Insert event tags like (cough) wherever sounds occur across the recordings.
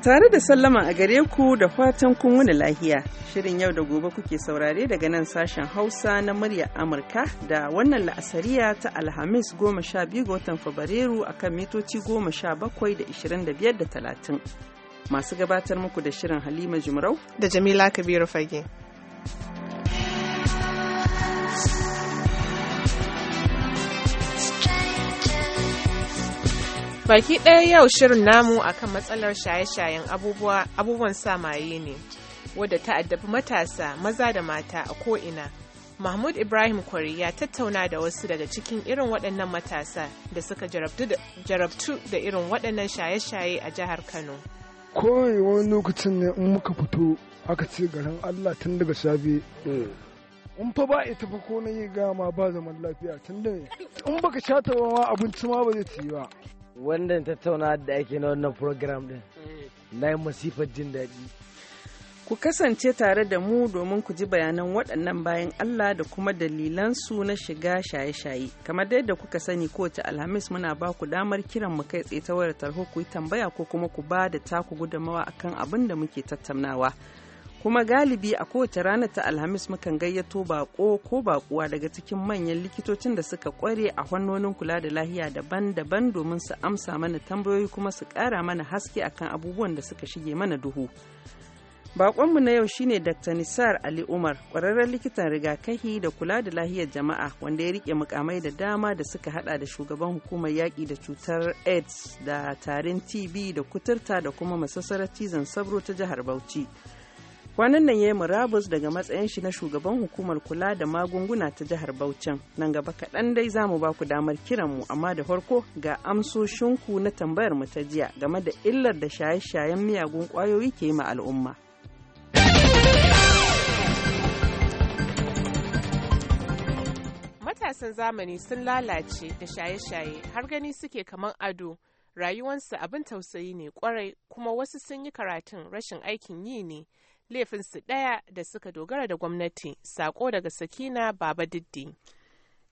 Tare da sallama a gare ku da fatan kun wani lahiya. Shirin yau da gobe kuke saurare daga nan sashen Hausa na murya Amurka da wannan la'asariya ta Alhamis goma sha biyu ga watan Fabrairu akan mitoci goma sha bakwai da ishirin da biyar da talatin. Masu gabatar muku da shirin Halima Jumrau da Jamila Kabiru Fage. Baki ɗaya yau shirin namu akan matsalar shaye-shayen abubuwan samaye ne, wadda ta addabi matasa maza da mata a ko'ina. Mahmud Ibrahim Kwari ya tattauna da wasu daga cikin irin waɗannan matasa da suka jarabtu da irin waɗannan shaye-shaye a jihar Kano. Kowai wani lokacin ne in muka fito aka ce garin Allah tun daga safe. Hmm. In fa ba ita fa ko na yi gama ba zaman lafiya tun da in baka shata sha ma abinci ma ba zai ci ba. wannan tattaunawar da ake na wannan program din na yi masifar jin daɗi ku kasance tare da mu domin ku ji bayanan waɗannan bayan Allah da kuma dalilansu na shiga shaye-shaye kamar da kuka sani kowace alhamis muna ba ku damar kiran mu kai tsaye ta wayar tarho ku yi tambaya ko kuma ku ba da taku gudunmawa akan abin da muke tattaunawa. kuma galibi a kowace rana ta alhamis mukan gayyato bako ko bakuwa daga cikin manyan likitocin da suka kware a fannonin kula da lahiya daban-daban domin su amsa mana tambayoyi kuma su ƙara mana haske akan abubuwan da suka shige mana duhu Bakonmu na yau shine Dr. Nisar Ali Umar, kwararren likitan rigakafi da kula da lahiyar jama'a wanda ya rike mukamai da dama da suka hada da shugaban hukumar yaƙi da cutar AIDS da tarin TB da kuturta da kuma masassarar cizon sabro ta jihar Bauchi. kwanan nan ya yi murabus daga matsayin shi na shugaban hukumar kula da magunguna ta jihar Bauchan nan gaba kaɗan dai za mu ba ku damar kiran mu amma da farko ga amsoshinku na tambayar mu ta jiya game da illar da shaye-shayen miyagun kwayoyi ke yi ma al'umma. Matasan zamani sun lalace da shaye-shaye har gani suke kaman ado rayuwansu abin tausayi ne kwarai kuma wasu sun yi karatun rashin aikin yi ne. laifinsu ɗaya da suka dogara da gwamnati sako daga sakina baba diddi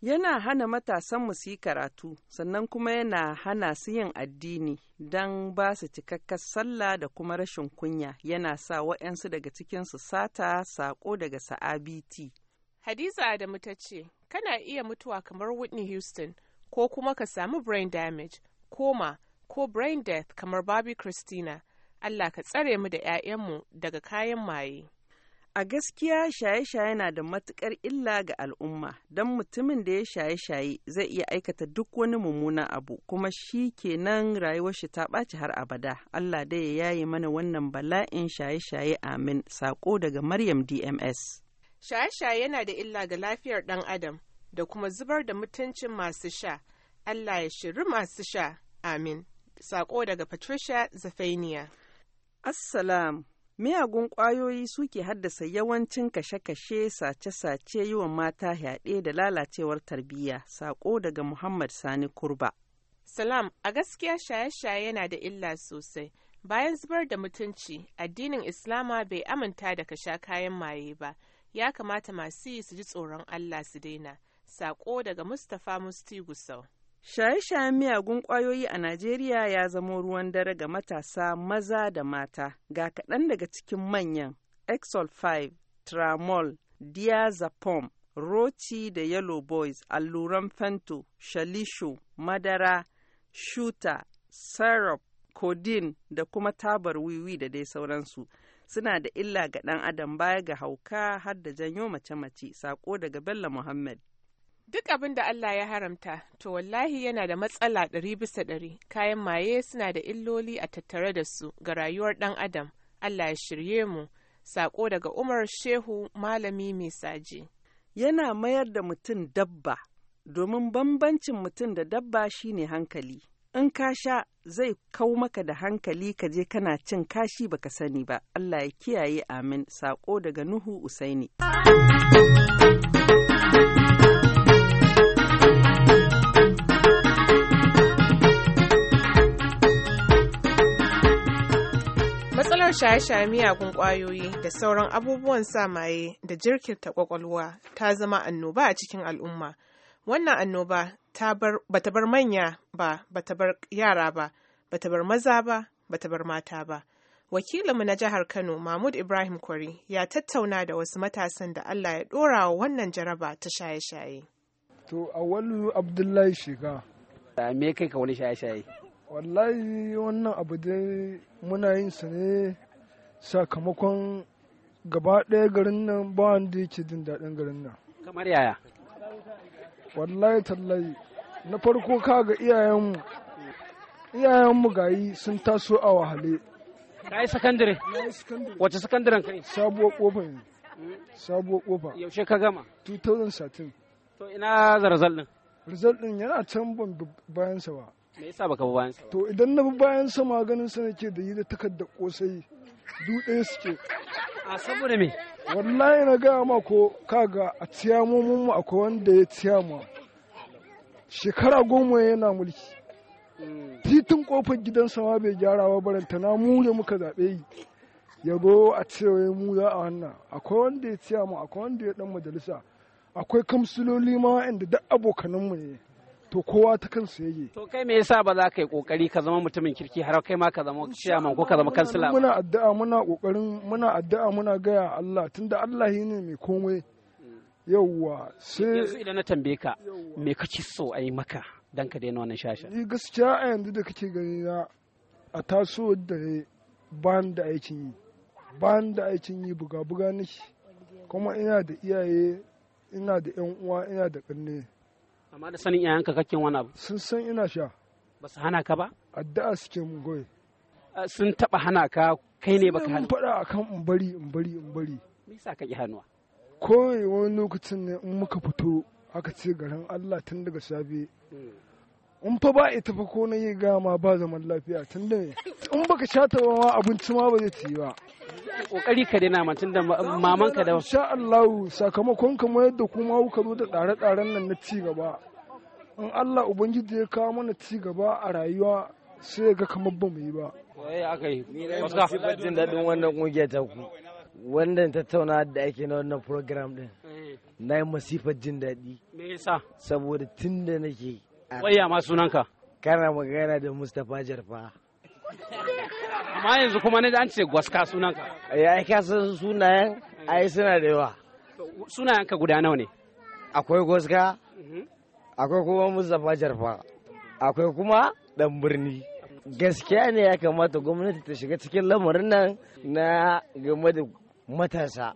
yana hana matasan su yi karatu sannan kuma yana hana su yin addini don ba su cikakkar sallah da kuma rashin kunya yana sa wa'yansu daga cikinsu sata sako daga sa'abiti hadiza da ta ce kana iya mutuwa kamar whitney houston ko kuma ka samu brain damage koma ko brain death kamar barbie Christina Allah ka tsare mu da 'ya'yanmu daga kayan maye. A gaskiya shaye-shaye na da matukar illa ga al'umma don mutumin da ya shaye-shaye zai iya aikata duk wani mummunan abu kuma shi kenan rayuwar shi ta ɓaci har abada. Allah dai ya yaye mana wannan bala'in shaye-shaye amin sako daga Maryam DMS. Shaye-shaye yana da illa ga lafiyar ɗan adam da kuma zubar da mutuncin masu sha. Allah ya shiri masu sha amin. Sako daga Patricia Zafaniya. Assalam. Miyagun ƙwayoyi suke haddasa yawancin kashe-kashe, sace-sace, yi wa mata yaɗe da lalacewar tarbiyya, saƙo daga Muhammad Sani Kurba. Salam, a gaskiya shaye-shaye yana da illa sosai. Bayan zubar da mutunci, addinin Islama bai aminta da kasha kayan maye ba, ya kamata masu yi su ji tsoron Allah su daina. Saƙo daga Mustapha Musti Gusau. Shaye-shayen miyagun ƙwayoyi a Najeriya ya zamo ruwan dare ga matasa maza da mata, ga kaɗan daga cikin manyan Exol 5, Tramol, Diazepam, Roci da Yellow Boys, alluran Fento, Shalisho, Madara, Shuta, Syrup, Codeine da kuma tabar wiwi da dai sauransu. Suna da illa ga ɗan adam baya ga hauka har da janyo mace-mace, saƙo daga Bello Muhammad. Duk abin da Allah ya haramta, to wallahi yana da matsala ɗari bisa ɗari, kayan maye suna da illoli a tattare da su ga rayuwar ɗan Adam, Allah ya shirye mu, saƙo daga Umar Shehu Malami mai saji. Yana mayar da mutum dabba, domin bambancin mutum da dabba shine hankali. In ka sha zai kau maka da hankali ka je kana cin kashi baka sani ba. Allah ya kiyaye amin, saƙo daga Nuhu Usaini. Yawan shaye-shaye miyagun kwayoyi da sauran abubuwan sa maye da jirkirta ƙwaƙwalwa ta zama annoba a cikin al'umma. Wannan annoba ba ta bar manya ba, ba ta bar yara ba, ba ta bar maza ba, ba ta bar mata ba. Wakilinmu na jihar Kano, Mahmud Ibrahim Kwari, ya tattauna da wasu matasan da Allah ya ɗora wa wannan jaraba ta shaye-shaye. To, Awalu Abdullahi Shiga. Me kai ka wani shaye-shaye? wallahi wannan abu dai muna yin sa ne sakamakon gaba ɗaya garin nan ba wanda yake jin daɗin garin nan kamar yaya wallahi tallahi na farko ka ga iyayenmu iyayenmu gayi sun taso a wahale ka yi sakandare wace sakandaren ka yi sabuwar kofa ne sabuwar kofa yaushe ka gama 2013 to ina zarzal din rizal din yana can ban bayan sa ba me yasa bayan to idan na bi bayan sa maganin sa nake da yi da takarda kosai dutse suke a saboda me wallahi na ga ma ko kaga a tiyamomin mu akwai wanda ya tiyama shekara goma yana mulki hmm. titin kofar gidan sama bai gyara wa baranta na mu muka zaɓe yi yabo a cewa mu za a wannan akwai wanda ya ciya mu akwai wanda ya dan majalisa akwai kamsuloli ma inda duk abokanan mu ne to kowa ta kansa yake to kai me yasa ba za ka yi kokari ka zama mutumin kirki har kai ma ka zama ciyaman ko ka zama kansila muna addu'a muna kokarin muna addu'a muna gaya Allah tunda Allah ne mai komai yawwa sai idan na tambaye ka me kake so a yi maka dan ka daina wannan shasha ni gaskiya a yanzu da kake gani na a taso da ban da aikin yi ban da aikin yi buga buga nake kuma ina da iyaye ina da yan uwa ina da kanne. amma da sanin ka kakken wani abu sun san ina sha ba su hana ka ba addu'a suke mun goyi sun taba hana ka kai ne baka hana faɗa akan in bari in bari in bari me yasa ka ki hannuwa ko wani lokacin ne in muka fito aka ce garin Allah tun daga safe hmm. in fa ba ita fa ko na yi gama ba zaman lafiya tun da in baka sha ta ma abinci ma ba zai ci ba kokari ka daina mantun da maman ka da insha Allah sakamakon kamar yadda kuma kuka zo da tsare-tsaren nan na ci gaba in Allah ubangiji ya kawo mana ci gaba a rayuwa sai ga kamar ba mu yi ba waye aka yi wasu jin daɗin wannan kungiyar ta ku ta tattauna da ake na wannan program din eh. na yi masifar jin daɗi me yasa saboda tun da nake waya ma sunanka kana magana da Mustapha Jarfa (laughs) amma yanzu kuma ne an ce gwaska sunanka ya ka san sunayen ai suna da yawa sunayen ka guda nawa ne akwai gwaska mhm. akwai kuma mustapha jarfa akwai kuma dan birni gaskiya ne ya kamata gwamnati ta shiga cikin lamarin nan na game da matasa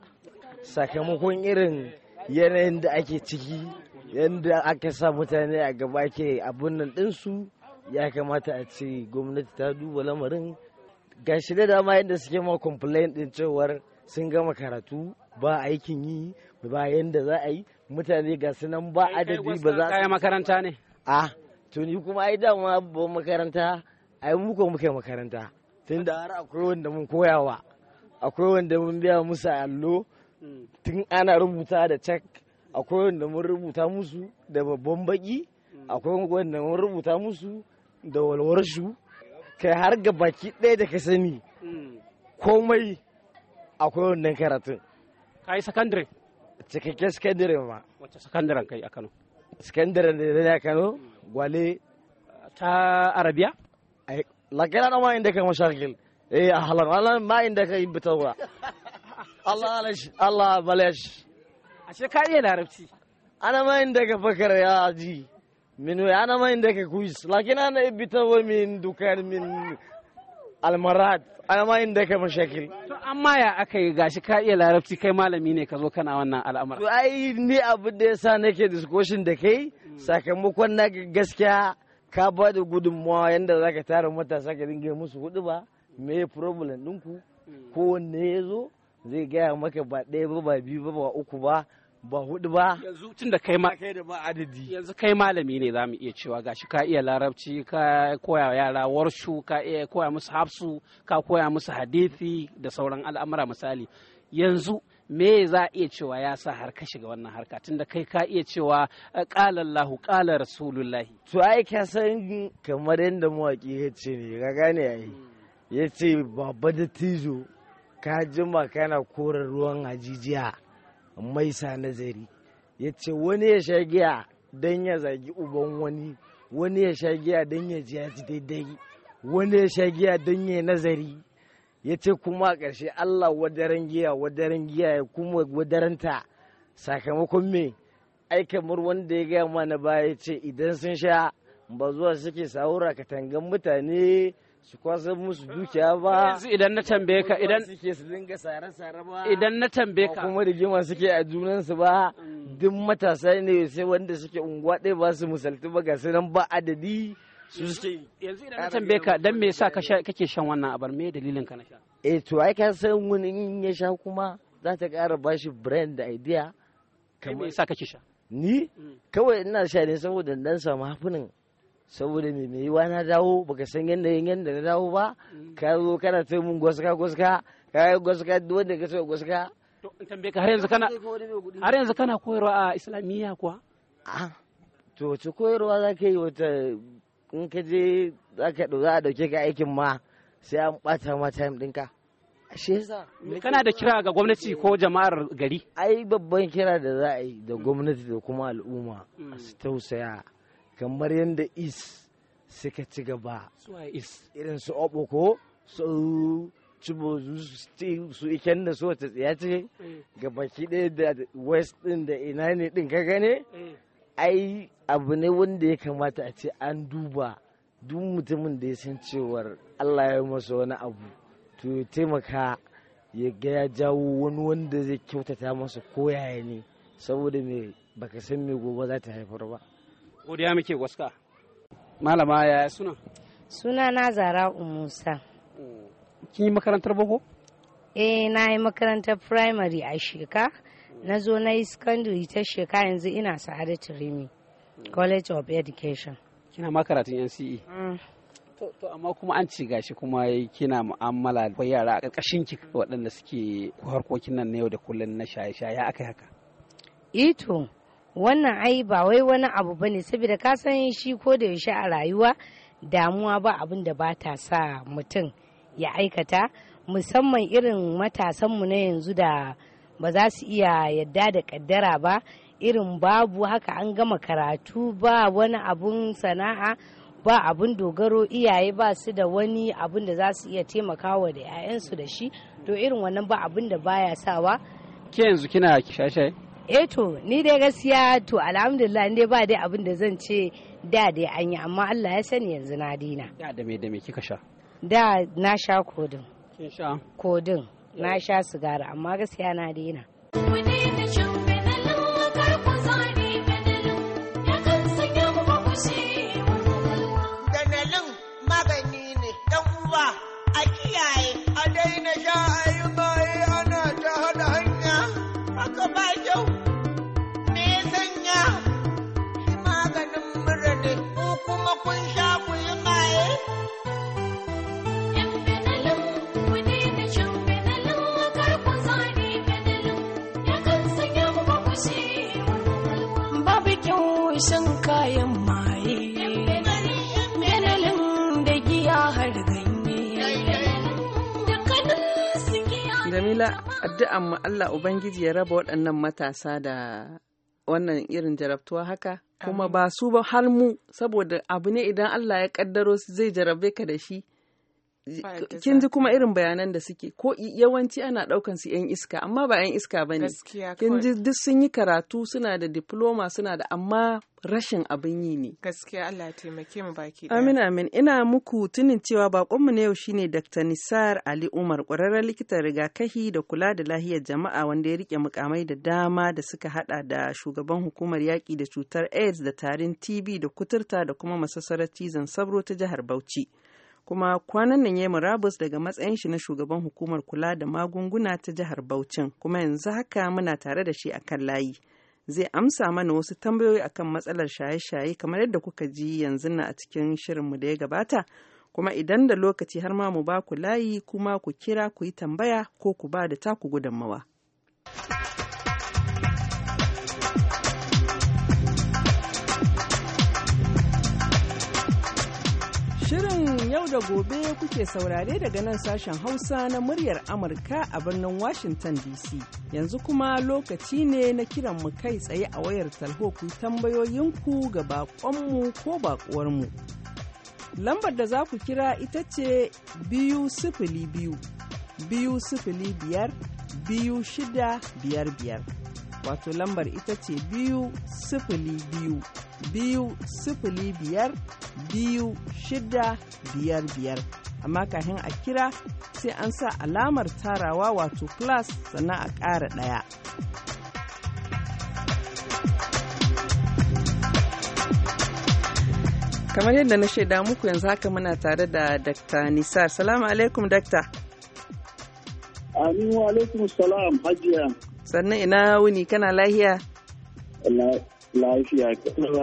sakamakon irin yanayin da ake ciki yadda aka sa mutane a gaba ke abin nan ɗinsu ya kamata a ce gwamnati ta duba lamarin ga shi da dama yadda suke ma complain din cewar sun gama karatu ba aikin yi ba yadda za a yi mutane ga sunan nan ba adadi ba za su makaranta ne a tuni kuma ai dama ba makaranta ai mu ko muke makaranta tun da har akwai wanda mun koyawa akwai wanda mun biya musu allo hmm. tun ana rubuta da check akwai wanda mun rubuta musu da babban baki hmm. akwai wanda mun rubuta musu da walwarshu kai har ga baki ɗaya da ka sani hmm. komai akwai wannan karatun ka yi sakandare cikakken sakandare ma wacce sakandaren kai a kano sakandaren da na kano gwale ta arabiya lakira na ma da ka mashakil eh halar ahlan ma inda ka bitarwa Allah alashi, Allah balashi. A ka yana larabci ana ma da ka fakar ya ji min ana ma ka kuis lakin ana ibita wai min dukar min almarat ana ma ka mashakil to amma ya aka yi gashi ka iya larabci kai malami ne ka zo kana wannan al'amura. to ai ni abu da yasa nake discussion da kai sakamakon na gaskiya ka ba da gudunmawa yadda zaka tara matasa ka dinga musu hudu ba me problem ɗinku hmm. kowanne ya zo zai gaya maka ba ɗaya ba ba biyu ba ba uku ba ba hudu ba yanzu tun da kai ma adadi yanzu kai malami ne zamu iya cewa gashi ka iya larabci ka koya yara warshu ka iya koya musu hafsu ka koya musu hadisi da sauran al'amura misali yanzu me za a iya cewa ya sa har ka shiga wannan harka tun da kai ka iya cewa eh, qalallahu qala rasulullahi to ai ka san kamar yadda mawaki ya ce ne ka gane ai ya ce babba da tijo ka jima kana korar ruwan hajijiya maisa nazari ya ce wani ya sha giya don ya zagi uban wani wani ya sha giya don ya ji daidai wani ya sha giya don ya nazari ya ce kuma a ƙarshe allah wadaren giya wadaren giya ya kuma wadaranta sakamakon me ai kamar wanda ya gaya mana baya ya ce idan sun sha ba zuwa suke sahura katangan mutane su kwasa musu dukiya ba yanzu idan na tambaye ka idan suke su dinga sare-sare ba idan na tambaye ka kuma rigima suke a junansu ba mm. duk matasa ne sai wanda suke unguwa ɗaya ba su musalti ba ga sunan ba adadi su suke yanzu idan na tambaye ka dan me yasa kake shan wannan abar me dalilin ka na sha eh to ai ka san wani in ya sha kuma za ta ƙara bashi brand da idea kamar yasa kake sha ni mm. kawai ina sha ne saboda dan samu hafinin. saboda me mai yiwa na dawo baka san yadda yin yadda na dawo ba mm. ka zo kana ta mun gwaska gwaska ka yi gwaska wanda ka sai gwaska har yanzu kana koyarwa a islamiyya kuwa a ah, to wace koyarwa za ka yi wata in ka je za ka za a dauke ka aikin ma sai an bata ma time ɗinka yasa kana da kira ga gwamnati ko jama'ar gari ai babban kira da za a yi da gwamnati da kuma al'umma su mm. tausaya kamar yadda is suka ci gaba irin su ko su cibo su iken da su ta tsaya ce eh. ga baki ɗaya da west ɗin da ina ne ɗin ka gane eh. ai abu ne wanda ya kamata a ce an duba duk mutumin da ya san cewar allah ya masa wani abu to ya taimaka ya gaya jawo wani wanda zai kyautata masa koyaya ne saboda me baka san mai gobe za ta haifar ba godiya muke waska malama ya suna suna na zara musa mm. kin yi makarantar boko eh na yi makarantar primary a sheka na zo na yi secondary ta sheka yanzu ina sa'ada turimi college of education kina makaratun nce mm. to amma kuma an ci gashi kuma kina mu'amala da yara a ƙarƙashin ki waɗanda suke harkokin nan na yau da kullum na shaye-shaye aka haka ito eh wannan ai ba wai wani abu bane saboda ka san shi ko da yaushe a rayuwa damuwa ba abin da ba ta sa mutum ya aikata musamman irin matasanmu na yanzu da ba za su iya yadda da kaddara ba irin babu haka an gama karatu ba wani abun sana'a ba abun dogaro iyaye ba su da wani abun da za su iya taimakawa da 'ya'yansu da shi to irin wannan ba abun da baya sawa ke yanzu kina shashai eh to ni dai gaskiya to alhamdulillah dai ba dai abin da zan ce da dai an yi amma Allah ya sani yanzu na dina da da me da me kika sha da na sha kodin kin sha kodin na sha sigara amma gaskiya na dina kayan maye ganalin da giya har ganye jamila addu'an mu Allah ubangiji ya raba waɗannan matasa da wannan irin jarabtuwa haka kuma ba su ba har mu saboda abu ne idan Allah ya kaddaro zai jarabe ka da shi kin ji kuma irin bayanan da suke ko yawanci ana daukan su yan iska amma ba yan iska bane kin ji duk sun yi karatu suna da diploma suna da amma rashin abin yi ne gaskiya Allah ya taimake mu baki amin amin ina muku tunin cewa bakonmu na yau shine Dr. Nisar Ali Umar kwararren likitan rigakafi da kula da lahiyar jama'a wanda ya rike mukamai da dama da suka hada da shugaban hukumar yaki da cutar AIDS da tarin tv da kuturta da kuma masassarar cizon sabro ta jihar Bauchi kuma kwanan nan ya murabus daga matsayin shi na shugaban hukumar kula da magunguna ta jihar Bauchin kuma yanzu haka muna tare da shi akan layi zai amsa mana wasu tambayoyi akan matsalar shaye-shaye kamar yadda kuka ji yanzu na a cikin shirinmu da ya gabata kuma idan da lokaci har ma mu ba ku layi kuma ku kira ku yi tambaya ko ku ba da taku gudunmawa. yau da gobe kuke saurare daga nan sashen Hausa na muryar Amurka a birnin Washington DC. Yanzu kuma lokaci ne na kiran mu kai tsaye a wayar talho ku tambayoyinku ga baƙonmu ko bakuwarmu. Lambar da za ku kira ita ce biyu sifili biyu, biyu sifili biyar, biyu shida biyar biyar. Wato lambar ita ce biyu sifili biyu. biyu sifili biyar biyu shida biyar biyar amma kafin a kira sai an sa alamar tarawa wato plus sannan a ƙara ɗaya. kamar yadda na shaida muku yanzu haka muna tare da dr nisar salamu alaikum dakta alaikum salam hajiya sannan ina wuni kana lahiya lafiya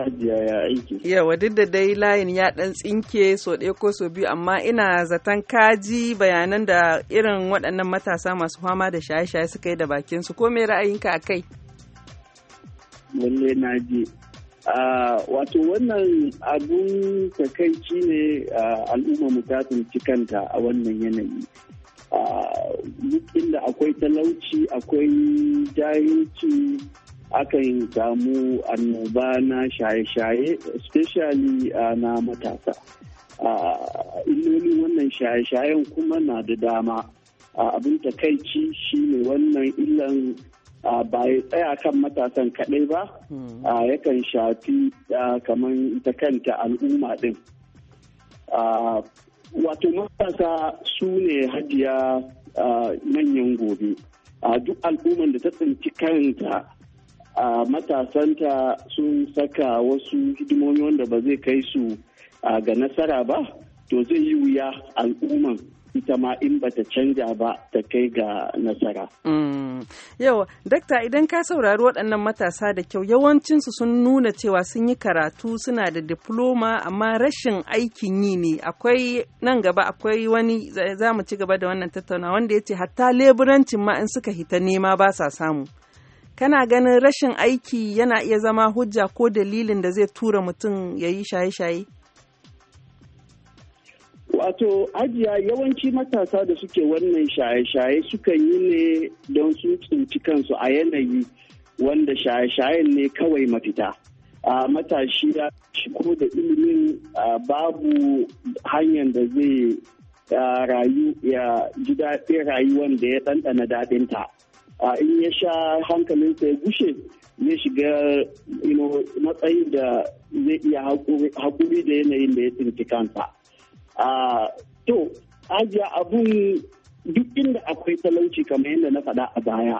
hajiya ya aiki. Yawa duk da dai layin ya dan tsinke so ɗaya ko so biyu amma ina zaton kaji bayanan da irin waɗannan matasa masu fama da shaye-shaye suka yi da bakin su ko me ra'ayinka a kai? Lalle na je. Wato wannan abun takaici ne al'umma mu ta tsinci kanta a wannan yanayi. duk inda akwai talauci akwai jahilci akan samu annoba na shaye-shaye especially na matasa illolin wannan shaye-shayen kuma na da dama abin takaici shine wannan illan ba ya tsaya kan matasan kaɗai ba hmm. yakan shafi kamar ta kanta al'umma ɗin wato matasa su ne hajiya manyan gobe duk al'umman da ta tsinci kanta a matasanta sun saka wasu hidimomi wanda ba zai kai su ga nasara ba to zai yi wuya al'umman ita ma in ba ta canja ba ta kai ga nasara. Mm. Yau, dakta idan ka saurari waɗannan matasa da kyau yawancinsu sun nuna cewa sun yi karatu suna da diploma amma rashin aikin yi ne akwai nan gaba akwai wani za mu ci gaba da wannan tattaunawa wanda ya ce hatta leburancin ma in suka hita nema ba sa samu. kana ganin rashin aiki yana iya zama hujja ko dalilin da zai tura mutum ya yi shaye-shaye? Wato, ajiya yawanci matasa da suke wannan shaye-shaye sukan yi ne don su tsinci kansu a yanayi wanda shaye shaye ne kawai mafita. a matashi ya shigo da ilimin babu hanyar da zai rayu ya ji daɗin rayuwan da ya ɗanɗana daɗinta. a in ya sha hankalinsa ya gushe ya shiga matsayin da zai iya hakuri da yanayin da ya tsinci kansa. To, ajiya abun duk inda akwai talauci kamar yadda na faɗa a baya,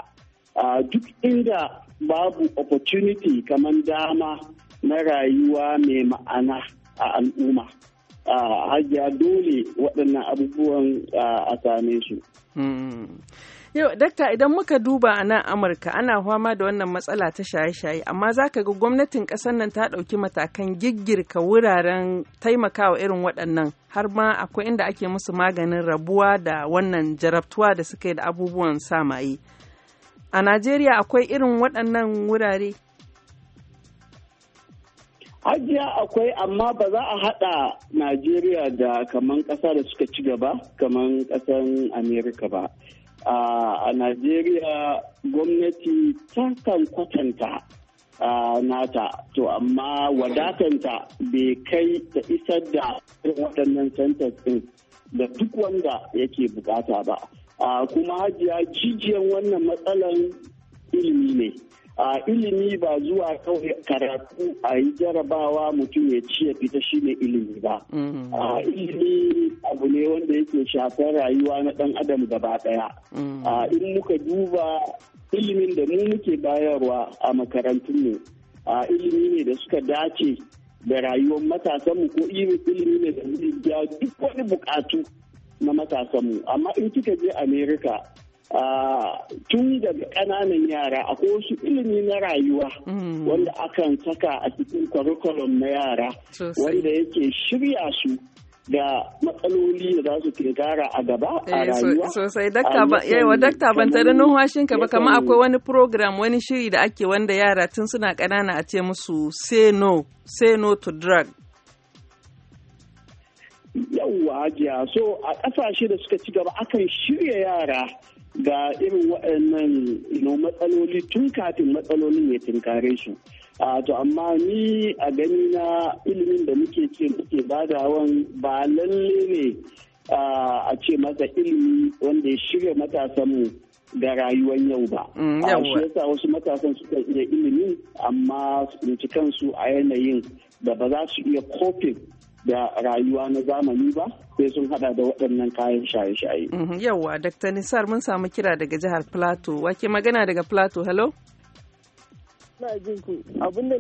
duk inda babu opportunity kamar dama na rayuwa mai ma'ana a al'umma. Hajiya dole waɗannan abubuwan a same su. Mm-hmm. Yau, dakta idan muka duba a nan Amurka ana fama da wannan matsala ta shaye-shaye, amma za ka ga gwamnatin ƙasar nan ta ɗauki matakan giggirka wuraren taimakawa irin waɗannan, har ma akwai inda ake musu maganin rabuwa da wannan jarabtuwa da suka yi da abubuwan samaye. A Najeriya akwai irin waɗannan wurare? ajiya akwai amma ba za a haɗa Najeriya da kaman ƙasa da suka ci gaba kaman ƙasan Amerika ba. a najeriya gwamnati ta kan kwatanta nata to amma wadatanta bai kai ta isar da waɗannan centers ɗin da duk wanda yake bukata ba kuma hajiya jijiyan wannan matsalan ilimi ne a ilimi ba zuwa kawai karatu a yi jarabawa mutum ya ci ya fita ne ilimi ba mm-hmm. a ilimi abu ne wanda yake shafar rayuwa na dan adam gaba daya mm-hmm. in muka duba ilimin da mu muke bayarwa a makarantunmu a ilimi ne da suka dace da rayuwar matasanmu ko ilimi ne da zai duk wani bukatu na matasanmu amma in kika je america tun daga ƙananan yara akwai wasu ilimi na rayuwa mm. wanda akan saka a cikin curriculum na yara wanda yake shirya su da matsaloli da za su kirkara a gaba a eh, rayuwa. Sosai, yawa dakta ban tare ka ba kama akwai wani program wani shiri da ake wanda yara tun suna ƙanana a ce musu say no, say no to drug. Yawwa jiya so a ƙasashe da suka ci gaba akan shirya yara ga irin waɗannan matsaloli tun kafin matsalolin ya tunkare su. to amma ni a gani na ilimin da muke ce muke badawan ba lalle ne a ce masa ilimi wanda ya shirya matasanmu ga rayuwar yau ba. Mm, shi yasa wasu matasan suka iya ilimin amma su kansu a yanayin da ba za su iya kofin da rayuwa na zamani ba sai sun hada da waɗannan kayan shaye-shaye. Mhm, Yawwa, Dr. Nisar mun samu kira daga jihar Plateau. Wake magana daga Plateau, hello? na jin abinda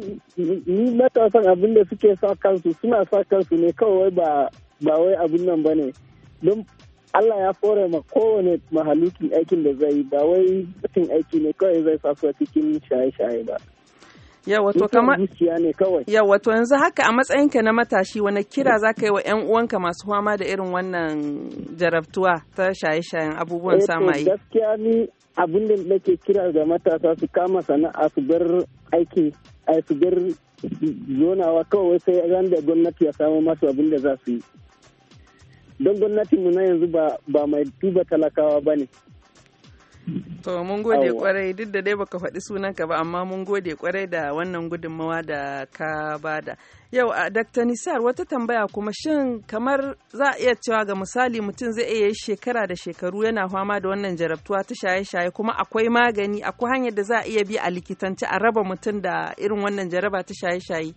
ni matasan abinda suke sa kansu suna sa kansu ne kawai ba ba wai abin nan ba ne Don Allah ya fore ma kowane mahalukin aikin da zai ba wai mutum aiki ne kawai zai sa su cikin shaye-shaye ba. Yawa kamar ne kawai. yanzu haka a matsayinka na matashi wani kira eh. za ka yi wa 'yan uwanka masu fama da irin wannan jarabtuwa ta shaye-shayen abubuwan eh, samayi Gaskiya ni abin da nake kira ga matasa su kama sana'a su bar aiki a eh, su bar zonawa kawai sai ran da gwamnati ya samu masu abin da za su yi. Don gwamnatinmu na yanzu ba mai tuba talakawa ba ne. To mun gode kwarai duk da dai baka faɗi sunan ka ba amma mun gode kwarai da wannan gudunmawa da ka bada. Yau a Dr. Nisar wata tambaya kuma shin kamar za a iya cewa ga misali mutum zai iya shekara da shekaru yana fama da wannan jarabtuwa ta shaye-shaye kuma akwai magani akwai hanyar da za a iya bi a likitanci a raba mutum da irin wannan jaraba ta shaye-shaye.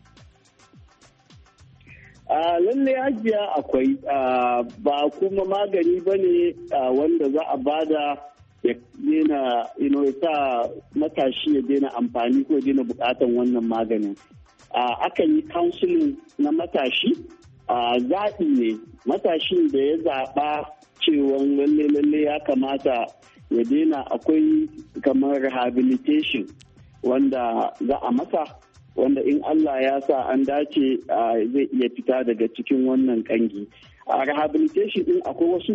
a lallai ajiya akwai ba kuma magani ba ne wanda za a bada ya daina ino ya sa matashi ya daina amfani ko ya daina bukatan wannan maganin a akan yi counseling na matashi a zaɓi ne matashin da ya zaɓa cewa lalle lalle ya kamata ya daina akwai kamar rehabilitation wanda za a masa wanda in Allah ya sa an dace zai iya fita daga cikin wannan kangi a rehabilitation din akwai wasu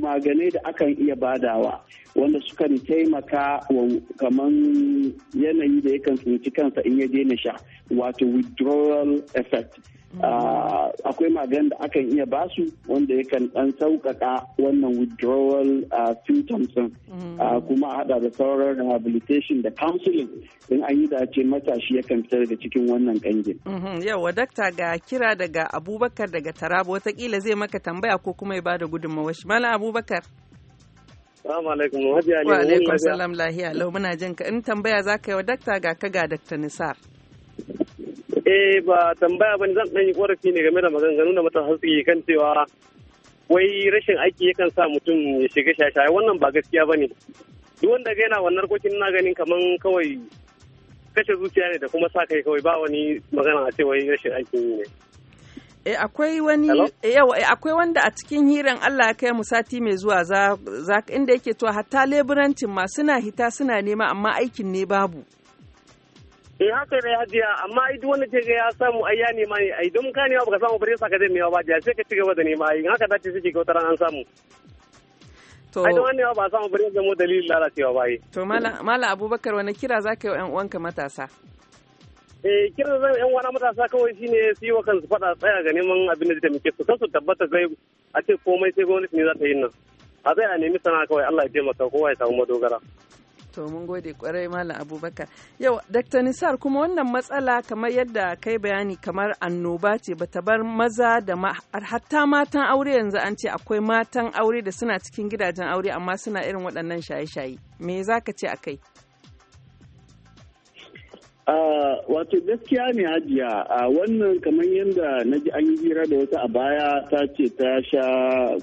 maganai da akan iya badawa wanda sukan taimaka wa kaman yanayi da yakan tsinci kansa in ya daina sha wato withdrawal effect Ah, akwai magan da akan iya basu wanda yakan dan sauƙaƙa wannan withdrawal ah, symptoms din mm-hmm. ah, kuma a hada da sauran rehabilitation da counseling in an yi dace matashi yakan fitar da cikin wannan kangin. Mm-hmm. Yawa dakta ga kira daga Abubakar daga tarabo watakila zai maka tambaya ko kuma ya bada gudunmawa shi. Malam Abubakar. Salamu alaikum, Wa alaikum salam lahiya, lau muna jinka in tambaya za ka yi wa dakta ga ka ga dakta Nisar. Eh ba tambaya ba ne zan dan yi ƙorafi ne game da maganganu da matasa suke kan cewa wai rashin aiki yakan sa mutum ya shiga shashaye wannan ba gaskiya ba ne. Duk wanda ga yana wannan kokin na ganin kaman kawai kashe zuciya ne da kuma sa kai kawai ba wani magana a ce wai rashin aiki ne. E, akwai wani eh, yau e, akwai wanda a cikin hiran Allah ya kai mu sati mai zuwa za, za inda yake to hatta leburancin ma suna hita suna nema amma aikin ne babu. eh haka ne hajiya amma ai duk wanda ke ga ya samu ayya ya nema ne ai don ka nema baka samu bare saka zai nema ba da sai ka ci gaba da nema ai haka dace suke kautar an samu to ai don nema ba samu bare la dalilin lalacewa ba ai to mala abubakar wani kira zaka yi wa yan uwanka matasa eh kira zan yan uwana matasa kawai shine su yi wa kansu fada tsaya ga neman abin da zai taimake su kansu tabbata zai a ce komai sai gwamnati ne za ta yi nan a zai a nemi sana'a kawai Allah ya taimaka kowa ya samu madogara To mun gode kwarai Malam Abubakar. Yau Dr. Nisar kuma wannan matsala kamar yadda kai bayani kamar annoba ce bata bar maza da hatta matan aure yanzu an ce akwai matan aure da suna cikin gidajen aure amma suna irin waɗannan shaye-shaye. Me za ka ce a kai? Ah, wato gaskiya ne hajiya a ah, wannan kamar yadda na ji an yi hira da wata a baya ta ce ta sha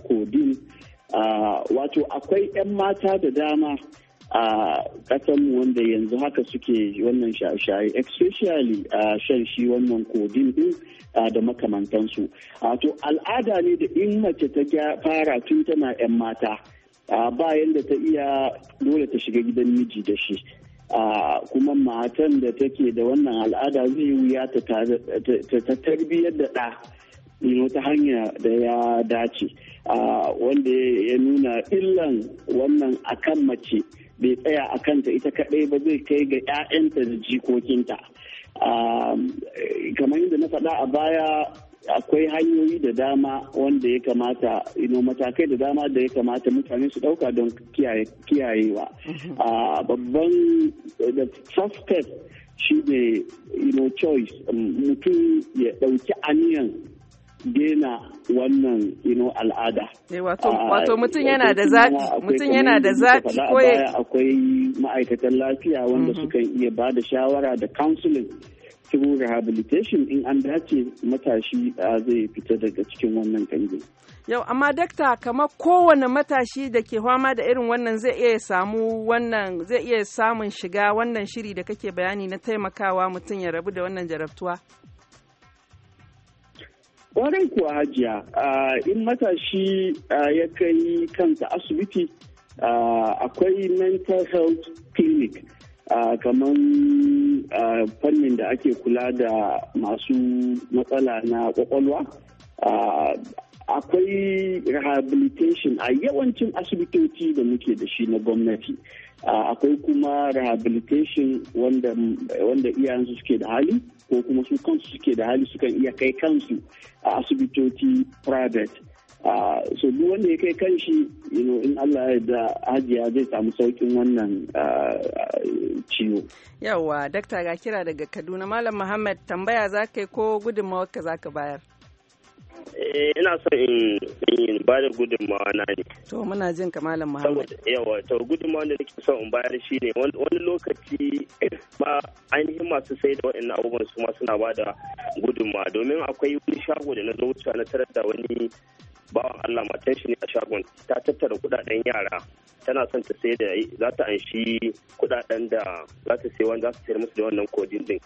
kodin ah, wato akwai 'yan mata da dama a kasanmu wanda yanzu haka suke wannan shaye-shaye especially a shan shi wannan kodin din da makamantansu to al'ada ne da in mace ta fara tun tana 'yan mata ba yadda ta iya dole ta shiga gidan miji da shi kuma matan da take da wannan al'ada zai wuya ta tarbiyyar da ɗa ta hanya da ya dace wanda ya nuna illan wannan akan mace bai tsaya a kanta ita kaɗai ba zai kai ga 'ya'yanta da jikokinta kamar yadda na faɗa a baya akwai hanyoyi da dama wanda ya kamata ino matakai da dama da ya kamata mutane su ɗauka don kiyayewa mm-hmm. babban da first step shi ne choice mutum ya ɗauki aniyan dena wannan ino al'ada. Eh, ah, wato mutum yana da zafi mutum yana da zafi ko ya akwai ma'aikatan lafiya wanda mhm. sukan iya ba da shawara da counseling through rehabilitation in an dace matashi ah, zai fita daga cikin wannan kangin. Yau amma dakta kamar kowane matashi da ke fama da irin wannan zai iya samu wannan zai iya samun shiga wannan shiri da kake bayani na taimakawa mutum ya rabu da wannan jarabtuwa. Kwarai kuwa hajiya, in matashi ya kai kansa asibiti akwai mental health clinic kamar fannin da ake kula da masu matsala na kwakwalwa. akwai rehabilitation a yawancin asibitoci da muke da shi na gwamnati akwai kuma rehabilitation wanda iyayensu suke da hali ko kuma su kansu suke da hali sukan iya kai kansu a asibitoci private so duk wanda ya kai kanshi in Allah ya da hajiya zai samu saukin wannan ciwo. Yawwa, dakta ga kira daga Kaduna, Malam Muhammad tambaya za ka yi ko gudunmawar ka za ka bayar? Eh, ina son in ba da gudunmawa na ne to muna jin kamalan muhammad yawa to gudunmawa da nake son in bayar shine wani lokaci eh, ma ainihin masu sai da waɗannan abubuwan su ma suna ba da gudunmawa domin akwai wani shago da na zo wuce na tarar da wani bawan Allah matan shi ne a shagon ta tattara kudaden yara tana son ta sai da za ta anshi kudaden da za ta sai wani za ta sayar musu da wannan kodin din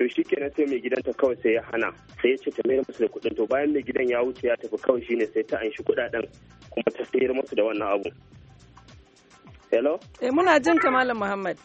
to shi kenan sai mai gidan ta kawai sai ya hana sai ya ce ta mayar musu da kuɗin to bayan mai gidan ya wuce ya tafi kawai shine sai ta anshi kuɗaɗen kuma ta sayar musu da wannan abu hello eh muna jin ka malam muhammad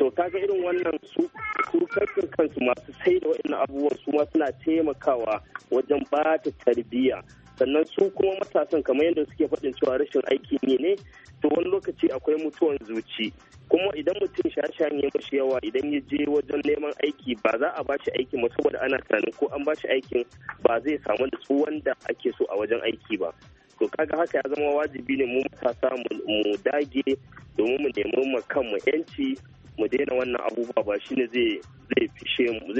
to kaga irin wannan su kurkarkin kansu masu sai da waɗannan abubuwan su ma suna taimakawa wajen ba ta tarbiyya sannan su kuma matasan kamar yadda suke faɗin cewa rashin aiki ne ne to wani lokaci akwai mutuwan zuci kuma idan mutum shashan ya mashi yawa idan ya je wajen neman aiki ba za a bashi aikin ba saboda ana tunanin ko an bashi aikin ba zai samu da su wanda ake so a wajen aiki ba to kaga haka ya zama wajibi ne mu matasa mu dage domin mu nemi mu kanmu yanci mu daina wannan abubuwa ba shine zai zai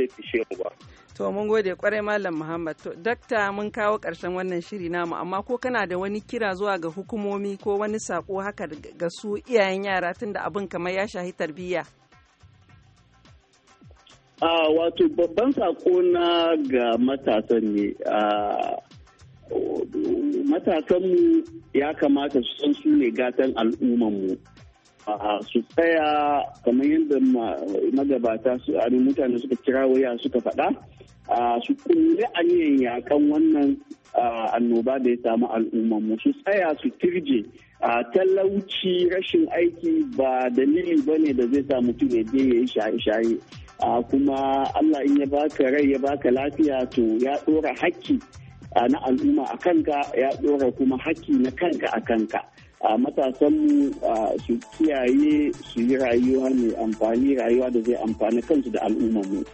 fishe mu ba to mun gode kwarai malam muhammad to dakta mun kawo karshen wannan shiri namu amma ko kana da wani kira zuwa ga hukumomi ko wani sako haka ga su iyayen yara tunda abin kamar ya shahi tarbiyya a wato babban sako na ga matasan ne a matasanmu ya kamata su san su ne gatan al'ummanmu su tsaya kamar yadda magabata su ari mutane suka kira waya suka faɗa su a aniyan yakan wannan annoba da ya samu al'umma su tsaya su tirje talauci rashin aiki ba dalili ba ne da zai sa mutum ya je ya yi shaye-shaye kuma allah in ya baka rai ya baka lafiya to ya ɗora hakki na al'umma a kanka ya ɗora kuma hakki na kanka a kanka a matasanmu su kiyaye su yi rayuwa mai amfani rayuwa da zai amfani kansu da al'ummarmu.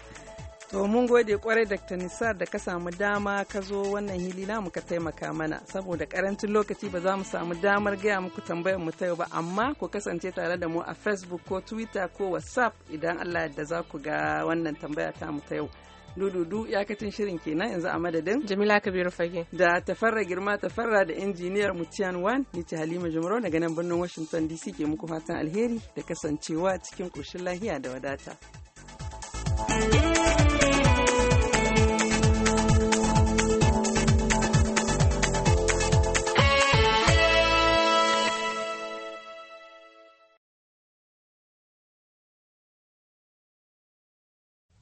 To mun gode kwarai Dr. Nisar da ka samu dama ka zo wannan hili namu ka taimaka mana saboda karancin lokaci ba za mu samu damar gaya muku tambayar mu ta yau ba amma ku kasance tare da mu a Facebook ko Twitter ko WhatsApp idan Allah yadda za ku ga wannan tambaya ta mu ta yau. dududu iyakacin shirin kenan yanzu a madadin jamila kabiru fage da tafarra girma tafarra da injiniyar mutiyan wan ni ce halima jumaro daga nan birnin washington dc ke muku fatan alheri da kasancewa cikin ƙoshin lahiya da wadata. Yeah.